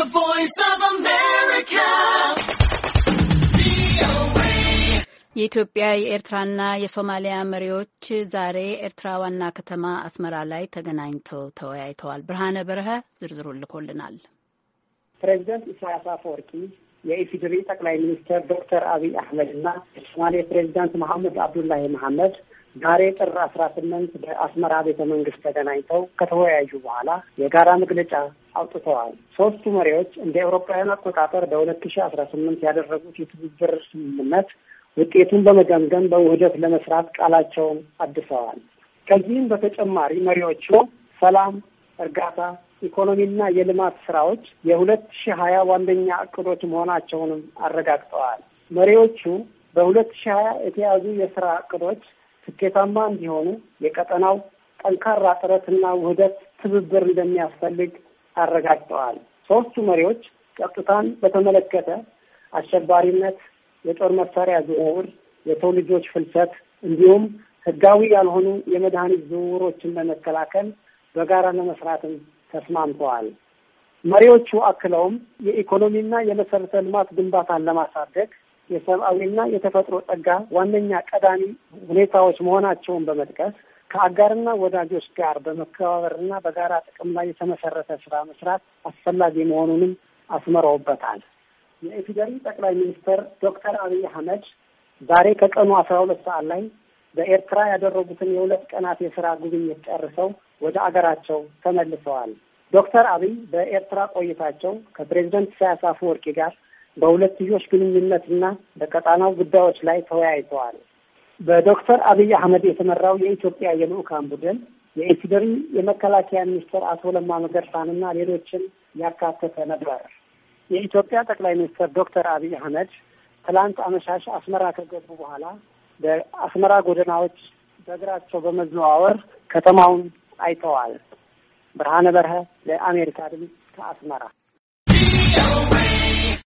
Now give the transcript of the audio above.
The Voice of America. የኢትዮጵያ የኤርትራና የሶማሊያ መሪዎች ዛሬ ኤርትራ ዋና ከተማ አስመራ ላይ ተገናኝተው ተወያይተዋል። ብርሃነ በረሀ ዝርዝሩ ልኮልናል። ፕሬዚደንት ኢሳያስ አፈወርቂ የኢፌዴሪ ጠቅላይ ሚኒስትር ዶክተር አብይ አህመድ እና የሶማሌ ፕሬዚዳንት መሐመድ አብዱላሂ መሐመድ ዛሬ ጥር አስራ ስምንት በአስመራ ቤተ መንግስት ተገናኝተው ከተወያዩ በኋላ የጋራ መግለጫ አውጥተዋል። ሶስቱ መሪዎች እንደ አውሮፓውያን አቆጣጠር በሁለት ሺ አስራ ስምንት ያደረጉት የትብብር ስምምነት ውጤቱን በመገምገም በውህደት ለመስራት ቃላቸውን አድሰዋል። ከዚህም በተጨማሪ መሪዎቹ ሰላም፣ እርጋታ፣ ኢኮኖሚና የልማት ስራዎች የሁለት ሺ ሀያ ዋነኛ እቅዶች መሆናቸውንም አረጋግጠዋል። መሪዎቹ በሁለት ሺ ሀያ የተያዙ የስራ እቅዶች ስኬታማ እንዲሆኑ የቀጠናው ጠንካራ ጥረትና ውህደት ትብብር እንደሚያስፈልግ አረጋግጠዋል። ሶስቱ መሪዎች ጸጥታን በተመለከተ አሸባሪነት፣ የጦር መሳሪያ ዝውውር፣ የሰው ልጆች ፍልሰት እንዲሁም ህጋዊ ያልሆኑ የመድኃኒት ዝውውሮችን ለመከላከል በጋራ ለመስራትም ተስማምተዋል። መሪዎቹ አክለውም የኢኮኖሚና የመሰረተ ልማት ግንባታን ለማሳደግ የሰብአዊና የተፈጥሮ ጸጋ ዋነኛ ቀዳሚ ሁኔታዎች መሆናቸውን በመጥቀስ ከአጋርና ወዳጆች ጋር በመከባበርና በጋራ ጥቅም ላይ የተመሰረተ ስራ መስራት አስፈላጊ መሆኑንም አስምረውበታል። የኢፌዴሪ ጠቅላይ ሚኒስትር ዶክተር አብይ አህመድ ዛሬ ከቀኑ አስራ ሁለት ሰዓት ላይ በኤርትራ ያደረጉትን የሁለት ቀናት የስራ ጉብኝት ጨርሰው ወደ አገራቸው ተመልሰዋል። ዶክተር አብይ በኤርትራ ቆይታቸው ከፕሬዚደንት ኢሳያስ አፈወርቂ ጋር በሁለትዮሽ ግንኙነትና በቀጣናው ጉዳዮች ላይ ተወያይተዋል። በዶክተር አብይ አህመድ የተመራው የኢትዮጵያ የልዑካን ቡድን የኢፌዴሪ የመከላከያ ሚኒስትር አቶ ለማ መገርሳንና ሌሎችን ያካተተ ነበር። የኢትዮጵያ ጠቅላይ ሚኒስትር ዶክተር አብይ አህመድ ትላንት አመሻሽ አስመራ ከገቡ በኋላ በአስመራ ጎደናዎች በእግራቸው በመዘዋወር ከተማውን አይተዋል። ብርሃነ በርሀ ለአሜሪካ ድምፅ ከአስመራ